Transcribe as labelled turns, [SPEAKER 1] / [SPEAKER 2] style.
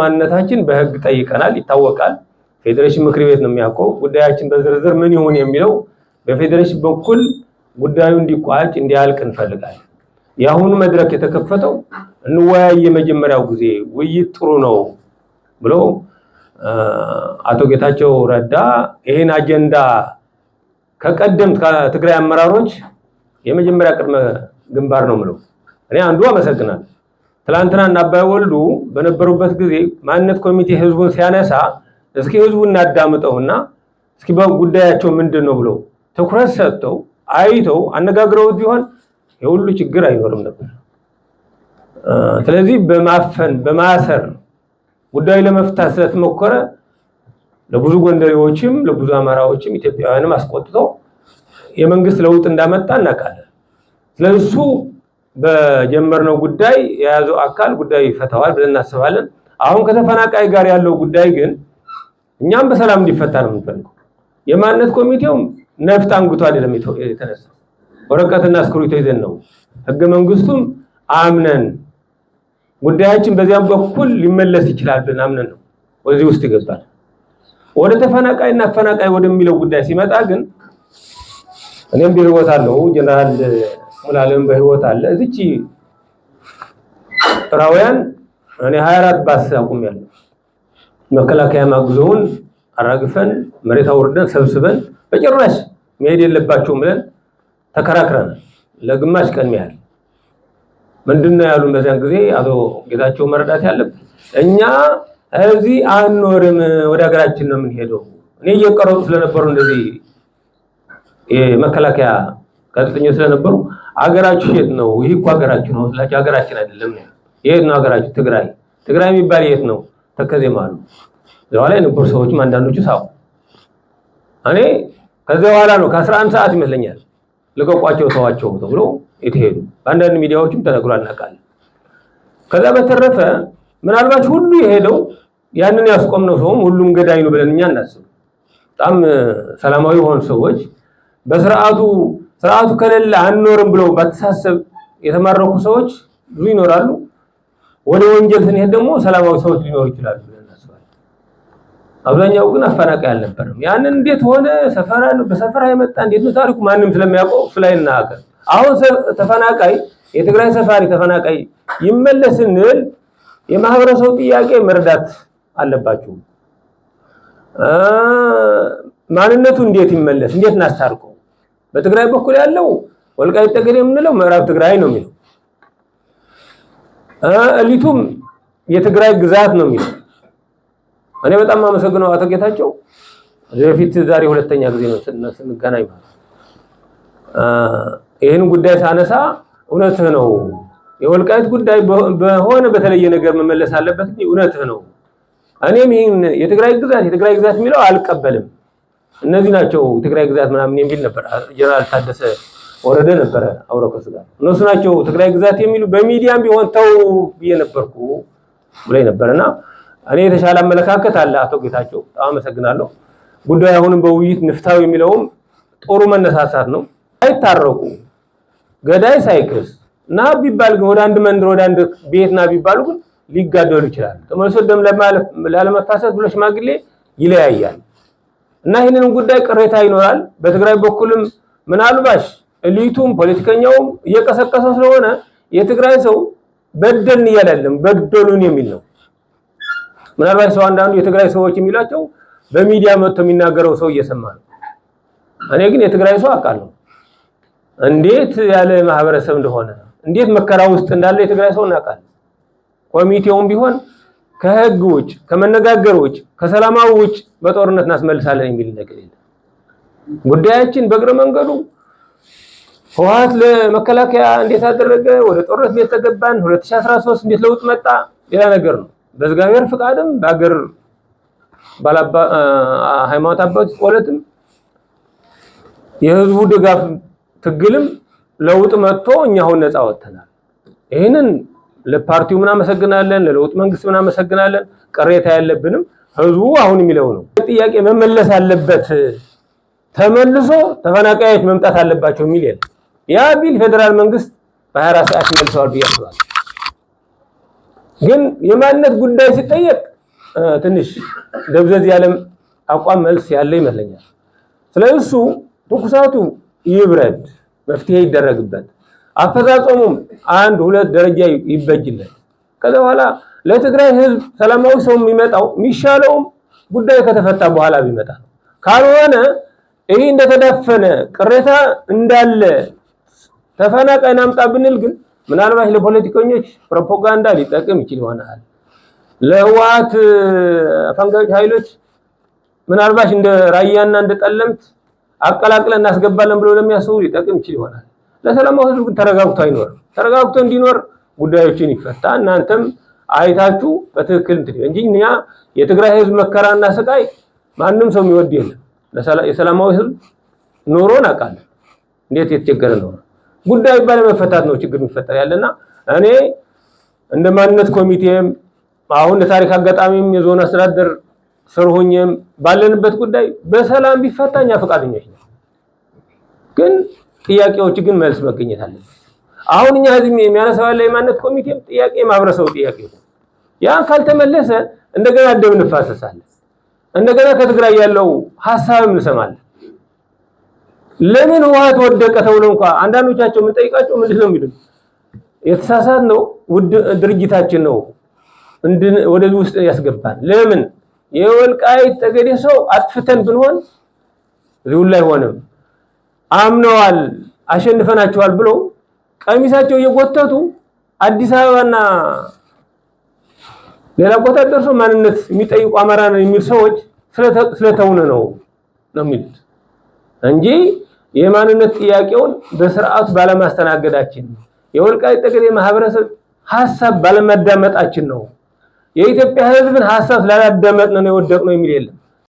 [SPEAKER 1] ማንነታችን በህግ ጠይቀናል፣ ይታወቃል። ፌዴሬሽን ምክር ቤት ነው የሚያውቀው። ጉዳያችን በዝርዝር ምን ይሁን የሚለው በፌዴሬሽን በኩል ጉዳዩ እንዲቋጭ እንዲያልቅ እንፈልጋለን። የአሁኑ መድረክ የተከፈተው እንወያይ፣ የመጀመሪያው ጊዜ ውይይት ጥሩ ነው ብሎ አቶ ጌታቸው ረዳ ይህን አጀንዳ ከቀደምት ከትግራይ አመራሮች የመጀመሪያ ቅድመ ግንባር ነው ምለው እኔ አንዱ አመሰግናለሁ። ትላንትና እና አባይ ወልዱ በነበሩበት ጊዜ ማንነት ኮሚቴ ህዝቡን ሲያነሳ እስኪ ህዝቡን እናዳምጠውና እስኪ ጉዳያቸው ምንድን ነው ብለው ትኩረት ሰጥተው አይተው አነጋግረውት ቢሆን የሁሉ ችግር አይኖርም ነበር። ስለዚህ በማፈን በማሰር ጉዳዩ ለመፍታት ስለተሞከረ ለብዙ ጎንደሬዎችም ለብዙ አማራዎችም ኢትዮጵያውያንም አስቆጥቶ የመንግስት ለውጥ እንዳመጣ እናውቃለን። ስለዚህ እሱ በጀመርነው ጉዳይ የያዘው አካል ጉዳዩ ይፈታዋል ብለን እናስባለን። አሁን ከተፈናቃይ ጋር ያለው ጉዳይ ግን እኛም በሰላም እንዲፈታ ነው የምንፈልገው። የማንነት ኮሚቴውም ነፍጥ አንግቶ አይደለም የተነሳ ወረቀትና እስክሪብቶ ይዘን ነው። ህገ መንግስቱም አምነን ጉዳያችን በዚያም በኩል ሊመለስ ይችላል ብለን አምነን ነው ወደዚህ ውስጥ ይገባል። ወደ ተፈናቃይና አፈናቃይ ወደሚለው ጉዳይ ሲመጣ ግን እኔም ቢሮ ቦታ አለው ጀነራል ሙሉዓለም በህይወት አለ። እዚች ጥራውያን እኔ 24 ባስ አቁሜያለሁ። መከላከያ ማጉዞውን አራግፈን መሬት አውርደን ሰብስበን በጭራሽ መሄድ የለባቸውም ብለን ተከራክረናል። ለግማሽ ቀን ያህል ምንድን ነው ያሉን? በዚያን ጊዜ አቶ ጌታቸው መረዳት ያለብን እኛ እዚህ አንኖርም፣ ወደ ሀገራችን ነው የምንሄደው። እኔ እየቀረጡ ስለነበሩ እንደዚህ የመከላከያ ጋዜጠኞች ስለነበሩ አገራችሁ የት ነው? ይህ እኮ አገራችሁ ነው ስላችሁ አገራችን አይደለም ነው። የት ነው አገራችሁ? ትግራይ። ትግራይ የሚባል የት ነው? ተከዜም ማሉ እዛ የነበሩ ሰዎችም አንዳንዶቹ ሳቁ። እኔ ከዚያ በኋላ ነው ከአስራ አንድ ሰዓት ይመስለኛል ልቀቋቸው ተዋቸው ተብሎ የተሄዱ በአንዳንድ ሚዲያዎችም ተነግሮ አናውቃለን። ከዛ በተረፈ ምናልባት ሁሉ የሄደው ያንን ያስቆምነው ሰውም ሁሉም ገዳይ ነው ብለን እኛ እናስብ። በጣም ሰላማዊ የሆኑ ሰዎች በስርዓቱ ስርዓቱ ከሌለ አንኖርም ብለው በተሳሰብ የተማረኩ ሰዎች ብዙ ይኖራሉ። ወደ ወንጀል ስንሄድ ደግሞ ሰላማዊ ሰዎች ሊኖሩ ይችላሉ። አብዛኛው ግን አፈናቃይ አልነበረም። ያንን እንዴት ሆነ ሰፈራን በሰፈራ የመጣ እንዴት ነው ታሪኩ ማንም ስለሚያውቀው ላይ እናገር። አሁን ተፈናቃይ የትግራይ ሰፋሪ ተፈናቃይ ይመለስ ስንል የማህበረሰቡ ጥያቄ መረዳት አለባችሁ። ማንነቱ እንዴት ይመለስ? እንዴት እናስታርቀው? በትግራይ በኩል ያለው ወልቃይት ጠገዴ የምንለው ምዕራብ ትግራይ ነው የሚለው እሊቱም የትግራይ ግዛት ነው የሚለው። እኔ በጣም አመሰግነው አቶ ጌታቸው በፊት ዛሬ ሁለተኛ ጊዜ ነው ስንገናኝ ይህን ጉዳይ ሳነሳ እውነትህ ነው የወልቃይት ጉዳይ በሆነ በተለየ ነገር መመለስ አለበት። እውነትህ ነው። እኔም ይህን የትግራይ ግዛት የትግራይ ግዛት የሚለው አልቀበልም። እነዚህ ናቸው ትግራይ ግዛት ምናምን የሚል ነበር። ጀነራል ታደሰ ወረደ ነበረ አውረኮስ ጋር እነሱ ናቸው ትግራይ ግዛት የሚሉ በሚዲያም ቢሆን ተው ብዬ ነበርኩ ብለኝ ነበር። እና እኔ የተሻለ አመለካከት አለ። አቶ ጌታቸው በጣም አመሰግናለሁ። ጉዳይ አሁንም በውይይት ንፍታው የሚለውም ጦሩ መነሳሳት ነው። አይታረቁ ገዳይ ሳይክስ ና ቢባል ግን ወደ አንድ መንደር ወደ አንድ ቤት ና ቢባሉ ግን ሊጋደሉ ይችላሉ። ተመልሶ ደም ላለመፋሰስ ብሎ ሽማግሌ ይለያያል። እና ይህንን ጉዳይ ቅሬታ ይኖራል። በትግራይ በኩልም ምናልባሽ ሊቱም ፖለቲከኛውም እየቀሰቀሰው ስለሆነ የትግራይ ሰው በደልን እያለ በደሉን የሚል ነው። ምናልባሽ ሰው አንዳንዱ የትግራይ ሰዎች የሚላቸው በሚዲያ መጥቶ የሚናገረው ሰው እየሰማ ነው። እኔ ግን የትግራይ ሰው አውቃለሁ እንዴት ያለ ማህበረሰብ እንደሆነ እንዴት መከራ ውስጥ እንዳለ የትግራይ ሰው እናውቃለን። ኮሚቴውም ቢሆን ከህግ ውጭ ከመነጋገር ውጭ ከሰላማዊ ውጭ በጦርነት እናስመልሳለን የሚል ነገር የለም። ጉዳያችን በእግረ መንገዱ ህወሓት ለመከላከያ እንዴት አደረገ፣ ወደ ጦርነት እንዴት ተገባን፣ 2013 እንዴት ለውጥ መጣ፣ ሌላ ነገር ነው። በእግዚአብሔር ፍቃድም በአገር ሃይማኖት አባቶች ቆለትም የህዝቡ ድጋፍ ትግልም ለውጥ መጥቶ እኛ አሁን ነፃ ወጥተናል። ይህንን ለፓርቲው አመሰግናለን፣ ለለውጥ መንግስት አመሰግናለን ቅሬታ ያለብንም ህዝቡ አሁን የሚለው ነው። ጥያቄ መመለስ አለበት፣ ተመልሶ ተፈናቃዮች መምጣት አለባቸው የሚል የለ። ያ ቢል ፌዴራል መንግስት በ24 ሰዓት ይመልሰዋል ብዬ አስባለሁ። ግን የማንነት ጉዳይ ሲጠየቅ ትንሽ ደብዘዝ ያለም አቋም መልስ ያለ ይመስለኛል። ስለዚህ እሱ ትኩሳቱ ይብረድ፣ መፍትሄ ይደረግበት። አፈጻጸሙም አንድ ሁለት ደረጃ ይበጅለት። ከዛ በኋላ ለትግራይ ህዝብ ሰላማዊ ሰው የሚመጣው የሚሻለውም ጉዳይ ከተፈታ በኋላ ቢመጣ ነው። ካልሆነ ይህ እንደተዳፈነ ቅሬታ እንዳለ ተፈናቃይ ናምጣ ብንል ግን ምናልባት ለፖለቲከኞች ፕሮፓጋንዳ ሊጠቅም ይችል ይሆናል። ለህወሓት አፈንጋዮች ኃይሎች ምናልባት እንደ ራያና እንደ ጠለምት አቀላቅለን እናስገባለን ብሎ ለሚያስቡ ሊጠቅም ይችል ይሆናል። ለሰላማዊ ህዝብ ተረጋግቶ አይኖርም። ተረጋግቶ እንዲኖር ጉዳዮችን ይፈታ። እናንተም አይታችሁ በትክክል እንትን እንጂ እኛ የትግራይ ህዝብ መከራና ስቃይ ማንም ሰው የሚወድ የለም። የሰላማዊ ህዝብ ኖሮን አውቃለሁ እንዴት የተቸገረ ነው። ጉዳዩ ባለመፈታት ነው ችግር የሚፈጠር ያለና እኔ እንደ ማንነት ኮሚቴም አሁን ለታሪክ አጋጣሚም የዞን አስተዳደር ስር ሆኜም ባለንበት ጉዳይ በሰላም ቢፈታ እኛ ፈቃደኞች ነን ግን ጥያቄዎች ግን መልስ መገኘት አለበት። አሁን እኛ ህዝብ የሚያነሳው ያለ የማንነት ኮሚቴም ጥያቄ ማህበረሰቡ ጥያቄ ነው። ያን ካልተመለሰ እንደገና ደም እንፋሰሳለን። እንደገና ከትግራይ ያለው ሀሳብም እንሰማለን። ለምን ህወሓት ወደቀ ተብሎ እንኳ አንዳንዶቻቸው የምንጠይቃቸው ምንድን ነው የሚሉት የተሳሳት ነው ድርጅታችን ነው ወደዚህ ውስጥ ያስገባል። ለምን የወልቃይት ጠገዴ ሰው አጥፍተን ብንሆን ዚሁን አይሆንም? ሆነም አምነዋል፣ አሸንፈናቸዋል ብለው ቀሚሳቸው እየጎተቱ አዲስ አበባና ሌላ ቦታ ደርሶ ማንነት የሚጠይቁ አማራ ነው የሚል ሰዎች ስለተውነ ነው ነው የሚሉት እንጂ የማንነት ጥያቄውን በስርዓቱ ባለማስተናገዳችን ነው። የወልቃይት ጠገዴ ማህበረሰብ ሀሳብ ባለመዳመጣችን ነው። የኢትዮጵያ ሕዝብን ሀሳብ ስላላዳመጥን ነው የወደቅነው የሚል የለም።